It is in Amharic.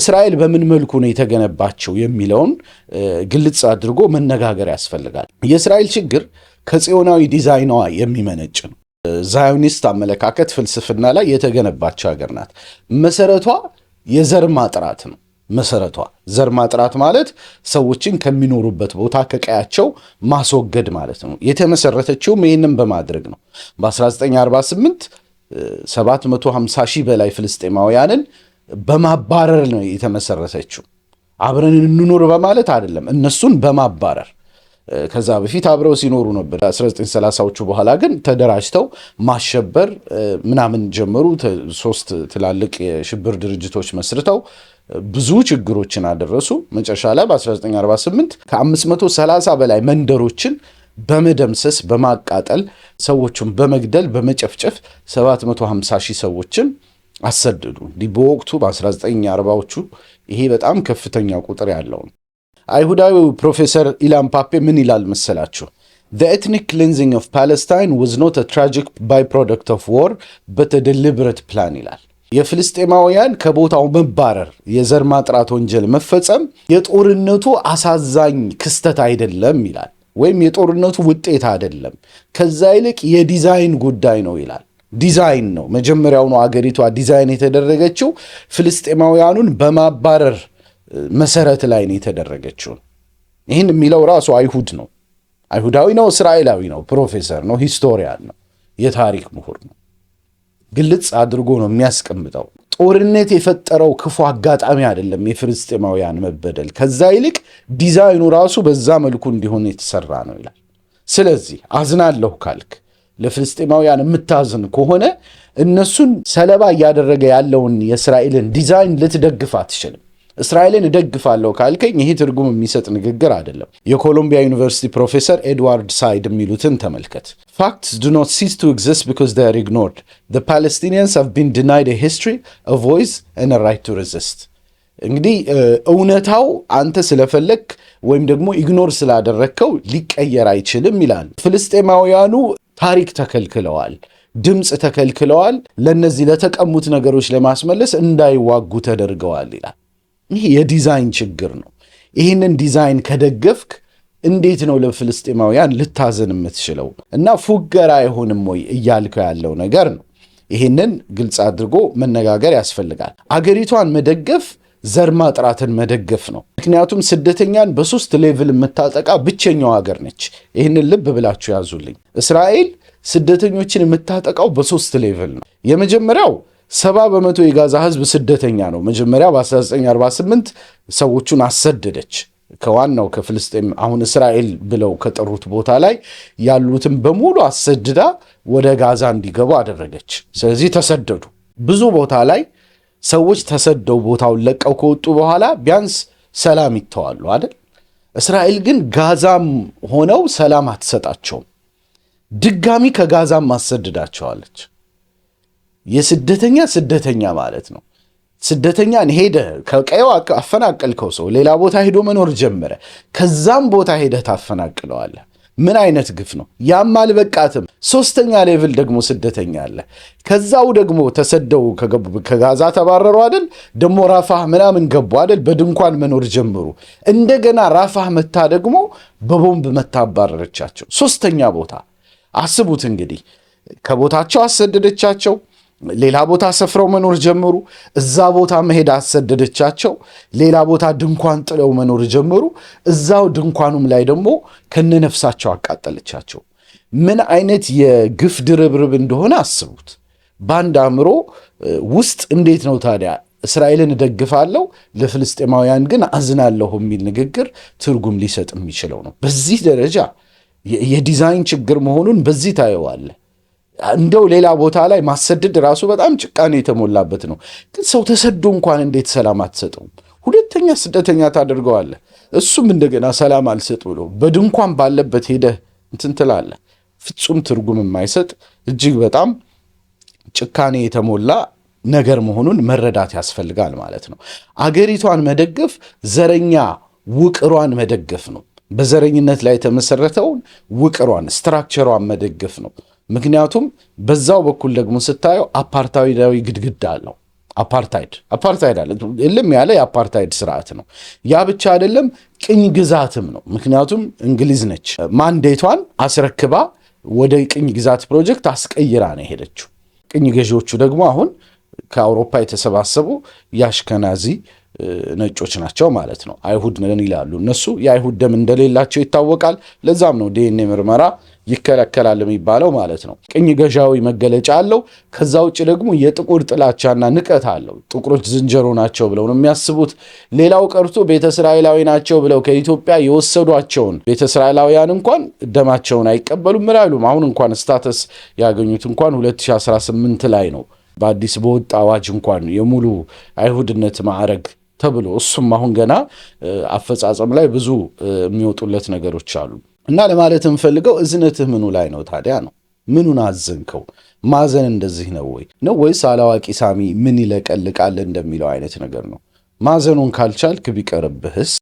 እስራኤል በምን መልኩ ነው የተገነባቸው የሚለውን ግልጽ አድርጎ መነጋገር ያስፈልጋል። የእስራኤል ችግር ከጽዮናዊ ዲዛይኗ የሚመነጭ ነው። ዛዮኒስት አመለካከት ፍልስፍና ላይ የተገነባቸው ሀገር ናት። መሰረቷ የዘር ማጥራት ነው። መሰረቷ ዘር ማጥራት ማለት ሰዎችን ከሚኖሩበት ቦታ ከቀያቸው ማስወገድ ማለት ነው። የተመሰረተችውም ይህንም በማድረግ ነው። በ1948 750 ሺህ በላይ ፍልስጤማውያንን በማባረር ነው የተመሰረተችው። አብረን እንኑር በማለት አይደለም፣ እነሱን በማባረር ከዛ በፊት አብረው ሲኖሩ ነበር። 1930ዎቹ በኋላ ግን ተደራጅተው ማሸበር ምናምን ጀመሩ። ሶስት ትላልቅ የሽብር ድርጅቶች መስርተው ብዙ ችግሮችን አደረሱ። መጨረሻ ላይ በ1948 ከ530 በላይ መንደሮችን በመደምሰስ በማቃጠል ሰዎቹን በመግደል በመጨፍጨፍ 750 ሺህ ሰዎችን አሰደዱ። እንዲህ በወቅቱ በ1940ዎቹ ይሄ በጣም ከፍተኛ ቁጥር ያለው ነው። አይሁዳዊው ፕሮፌሰር ኢላን ፓፔ ምን ይላል መሰላችሁ? The ethnic cleansing of Palestine was not a tragic byproduct of war, but a deliberate plan ይላል። የፍልስጤማውያን ከቦታው መባረር፣ የዘር ማጥራት ወንጀል መፈጸም የጦርነቱ አሳዛኝ ክስተት አይደለም ይላል። ወይም የጦርነቱ ውጤት አይደለም፣ ከዛ ይልቅ የዲዛይን ጉዳይ ነው ይላል። ዲዛይን ነው። መጀመሪያው ነው አገሪቷ ዲዛይን የተደረገችው ፍልስጤማውያኑን በማባረር መሰረት ላይ ነው የተደረገችው። ይህን የሚለው ራሱ አይሁድ ነው። አይሁዳዊ ነው፣ እስራኤላዊ ነው፣ ፕሮፌሰር ነው፣ ሂስቶሪያን ነው፣ የታሪክ ምሁር ነው። ግልጽ አድርጎ ነው የሚያስቀምጠው። ጦርነት የፈጠረው ክፉ አጋጣሚ አይደለም የፍልስጤማውያን መበደል። ከዛ ይልቅ ዲዛይኑ ራሱ በዛ መልኩ እንዲሆን የተሰራ ነው ይላል። ስለዚህ አዝናለሁ ካልክ ለፍልስጤማውያን የምታዝን ከሆነ እነሱን ሰለባ እያደረገ ያለውን የእስራኤልን ዲዛይን ልትደግፍ አትችልም። እስራኤልን እደግፋለሁ ካልከኝ ይሄ ትርጉም የሚሰጥ ንግግር አይደለም። የኮሎምቢያ ዩኒቨርሲቲ ፕሮፌሰር ኤድዋርድ ሳይድ የሚሉትን ተመልከት። ፋክትስ ዱ ኖት ሲስ ቱ ኤግዚስት ቢካዝ ዜይ አር ኢግኖርድ ዘ ፓለስቲኒያንስ ሃቭ ቢን ዲናይድ ሂስትሪ ቮይስ ኤንድ ኤ ራይት ቱ ሪዚስት። እንግዲህ እውነታው አንተ ስለፈለግ ወይም ደግሞ ኢግኖር ስላደረግከው ሊቀየር አይችልም ይላል። ፍልስጤማውያኑ ታሪክ ተከልክለዋል፣ ድምፅ ተከልክለዋል። ለእነዚህ ለተቀሙት ነገሮች ለማስመለስ እንዳይዋጉ ተደርገዋል ይላል። ይህ የዲዛይን ችግር ነው። ይህንን ዲዛይን ከደገፍክ እንዴት ነው ለፍልስጤማውያን ልታዘን የምትችለው? እና ፉገራ አይሆንም ወይ እያልከው ያለው ነገር ነው። ይህንን ግልጽ አድርጎ መነጋገር ያስፈልጋል። አገሪቷን መደገፍ ዘር ማጥራትን መደገፍ ነው። ምክንያቱም ስደተኛን በሶስት ሌቭል የምታጠቃ ብቸኛው ሀገር ነች። ይህንን ልብ ብላችሁ ያዙልኝ። እስራኤል ስደተኞችን የምታጠቃው በሶስት ሌቭል ነው። የመጀመሪያው ሰባ በመቶ የጋዛ ህዝብ ስደተኛ ነው። መጀመሪያ በ1948 ሰዎቹን አሰደደች ከዋናው ከፍልስጤም አሁን እስራኤል ብለው ከጠሩት ቦታ ላይ ያሉትን በሙሉ አሰድዳ ወደ ጋዛ እንዲገቡ አደረገች። ስለዚህ ተሰደዱ። ብዙ ቦታ ላይ ሰዎች ተሰደው ቦታውን ለቀው ከወጡ በኋላ ቢያንስ ሰላም ይተዋሉ አይደል? እስራኤል ግን ጋዛም ሆነው ሰላም አትሰጣቸውም። ድጋሚ ከጋዛም አሰድዳቸዋለች። የስደተኛ ስደተኛ ማለት ነው። ስደተኛን ሄደ ከቀየው አፈናቀልከው ሰው ሌላ ቦታ ሄዶ መኖር ጀመረ። ከዛም ቦታ ሄደህ ታፈናቅለዋለህ። ምን አይነት ግፍ ነው? ያም አልበቃትም። ሶስተኛ ሌቭል ደግሞ ስደተኛ አለ። ከዛው ደግሞ ተሰደው ከጋዛ ተባረሩ አይደል? ደግሞ ራፋህ ምናምን ገቡ አይደል? በድንኳን መኖር ጀምሩ። እንደገና ራፋህ መታ ደግሞ በቦምብ መታ አባረረቻቸው። ሶስተኛ ቦታ አስቡት እንግዲህ ከቦታቸው አሰደደቻቸው። ሌላ ቦታ ሰፍረው መኖር ጀመሩ። እዛ ቦታ መሄድ አሰደደቻቸው። ሌላ ቦታ ድንኳን ጥለው መኖር ጀመሩ። እዛው ድንኳኑም ላይ ደግሞ ከነነፍሳቸው አቃጠለቻቸው። ምን አይነት የግፍ ድርብርብ እንደሆነ አስቡት። በአንድ አእምሮ ውስጥ እንዴት ነው ታዲያ እስራኤልን እደግፋለሁ ለፍልስጤማውያን ግን አዝናለሁ የሚል ንግግር ትርጉም ሊሰጥ የሚችለው ነው? በዚህ ደረጃ የዲዛይን ችግር መሆኑን በዚህ ታየዋለህ። እንደው ሌላ ቦታ ላይ ማሰደድ ራሱ በጣም ጭቃኔ የተሞላበት ነው። ግን ሰው ተሰዶ እንኳን እንዴት ሰላም አትሰጠውም? ሁለተኛ ስደተኛ ታደርገዋለህ። እሱም እንደገና ሰላም አልሰጥ ብሎ በድንኳን ባለበት ሄደህ እንትን ትላለህ። ፍጹም ትርጉም የማይሰጥ እጅግ በጣም ጭካኔ የተሞላ ነገር መሆኑን መረዳት ያስፈልጋል ማለት ነው። አገሪቷን መደገፍ ዘረኛ ውቅሯን መደገፍ ነው። በዘረኝነት ላይ የተመሰረተውን ውቅሯን ስትራክቸሯን መደገፍ ነው። ምክንያቱም በዛው በኩል ደግሞ ስታየው አፓርታይዳዊ ግድግዳ አለው። አፓርታይድ አፓርታይድ አለ። እልም ያለ የአፓርታይድ ስርዓት ነው። ያ ብቻ አይደለም፣ ቅኝ ግዛትም ነው። ምክንያቱም እንግሊዝ ነች ማንዴቷን አስረክባ ወደ ቅኝ ግዛት ፕሮጀክት አስቀይራ ነው የሄደችው። ቅኝ ገዢዎቹ ደግሞ አሁን ከአውሮፓ የተሰባሰቡ የአሽከናዚ ነጮች ናቸው ማለት ነው። አይሁድ ነን ይላሉ እነሱ። የአይሁድ ደም እንደሌላቸው ይታወቃል። ለዛም ነው ዲኤንኤ ምርመራ ይከለከላል የሚባለው ማለት ነው። ቅኝ ገዣዊ መገለጫ አለው። ከዛ ውጭ ደግሞ የጥቁር ጥላቻና ንቀት አለው። ጥቁሮች ዝንጀሮ ናቸው ብለው ነው የሚያስቡት። ሌላው ቀርቶ ቤተ እስራኤላዊ ናቸው ብለው ከኢትዮጵያ የወሰዷቸውን ቤተ እስራኤላውያን እንኳን ደማቸውን አይቀበሉም አይሉም። አሁን እንኳን ስታተስ ያገኙት እንኳን 2018 ላይ ነው በአዲስ በወጣ አዋጅ እንኳን የሙሉ አይሁድነት ማዕረግ ተብሎ እሱም አሁን ገና አፈጻጸም ላይ ብዙ የሚወጡለት ነገሮች አሉ። እና ለማለት የምፈልገው እዝነትህ ምኑ ላይ ነው ታዲያ ነው? ምኑን አዘንከው? ማዘን እንደዚህ ነው ወይ ነው ወይስ አላዋቂ ሳሚ ምን ይለቀልቃል እንደሚለው አይነት ነገር ነው? ማዘኑን ካልቻልክ ቢቀርብህስ